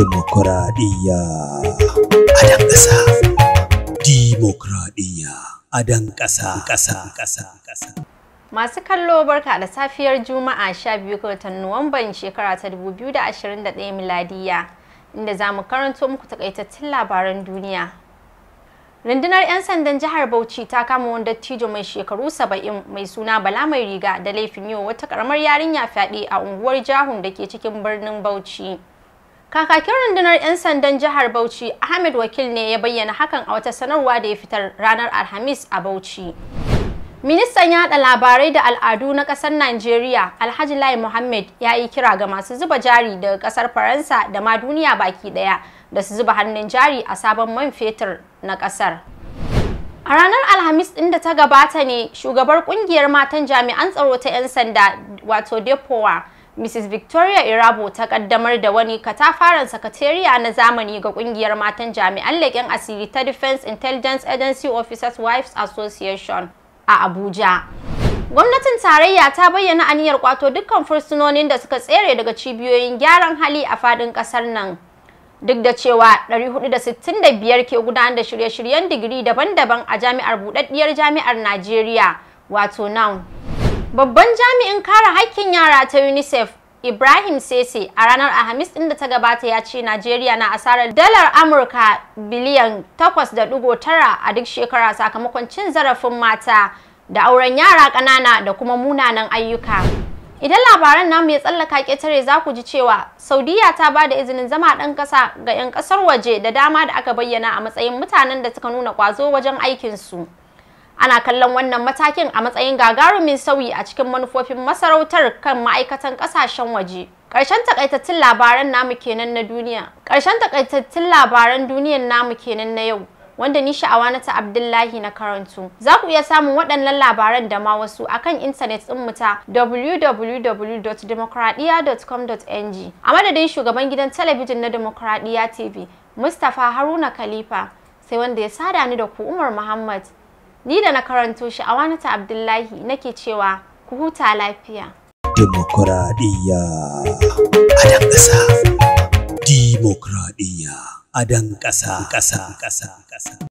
Dimokuraɗiyya a ƙasa. Dimokuraɗiyya a ƙasa. Masu kallo barka da safiyar Juma'a 12 ga watan Nuwamban shekara ta 2021 miladiya inda za mu karanto muku takaitattun labaran duniya. Rundunar 'yan sandan jihar Bauchi ta kama wani dattijo mai shekaru 70 mai suna Bala mai riga da laifin yau wata karamar yarinya fyaɗe a unguwar Jahun da ke cikin birnin Bauchi. Kakakin rundunar 'yan sandan jihar Bauchi Ahmed Wakil ne ya bayyana hakan a wata sanarwa da ya fitar ranar Alhamis a Bauchi. Ministan yaɗa labarai da al'adu na ƙasar Najeriya Alhaji Lai Mohammed ya yi kira ga masu zuba jari daga ƙasar Faransa da ma duniya baki ɗaya da su zuba hannun jari a sabon man fetur na ƙasar. A ranar Alhamis ɗin da ta gabata ne shugabar ƙungiyar matan jami'an tsaro ta 'yan sanda wato Depowa Mrs. Victoria Irabo ta kaddamar da wani katafaren sakatariya na zamani ga kungiyar matan jami'an leken asiri ta Defense Intelligence Agency Officers Wives Association a Abuja. Gwamnatin tarayya ta bayyana aniyar kwato dukkan fursunonin da suka tsere daga cibiyoyin gyaran hali a fadin kasar nan. Duk da cewa 465 ke gudanar da shirye-shiryen digiri daban-daban a jami'ar buɗaɗɗiyar jami'ar Najeriya, wato NAU. Babban jami'in kare haƙƙin yara ta UNICEF Ibrahim Sese a ranar Alhamis ɗin da ta gabata ya ce Najeriya na asarar dalar Amurka biliyan 8.9 a duk shekara sakamakon cin zarafin mata da auren yara ƙanana da kuma munanan ayyuka. Idan labaran namu ya tsallaka ƙetare za ku ji cewa Saudiya ta ba da izinin zama ɗan ƙasa ga 'yan ƙasar waje da dama da aka bayyana a matsayin mutanen da suka nuna ƙwazo wajen aikinsu. ana kallon wannan matakin a matsayin gagarumin sauyi a cikin manufofin masarautar kan ma'aikatan ƙasashen waje Ƙarshen takaitattun labaran namu kenan na duniya. Ƙarshen takaitattun labaran duniyar namu kenan na yau. wanda ni sha'awa na ta Abdullahi na karantu. Za ku iya samun waɗannan labaran da ma wasu akan intanet mu ta www.demokradiya.com.ng. A madadin shugaban gidan talabijin na Demokradiya TV, Mustapha Haruna Khalifa, sai wanda ya sada ni da ku Umar Muhammad. Ni da na karanto shi a wani Abdullahi nake cewa ku huta lafiya. Dimokuraɗiyya a dan ƙasa. Dimokuraɗiyya a dan ƙasa.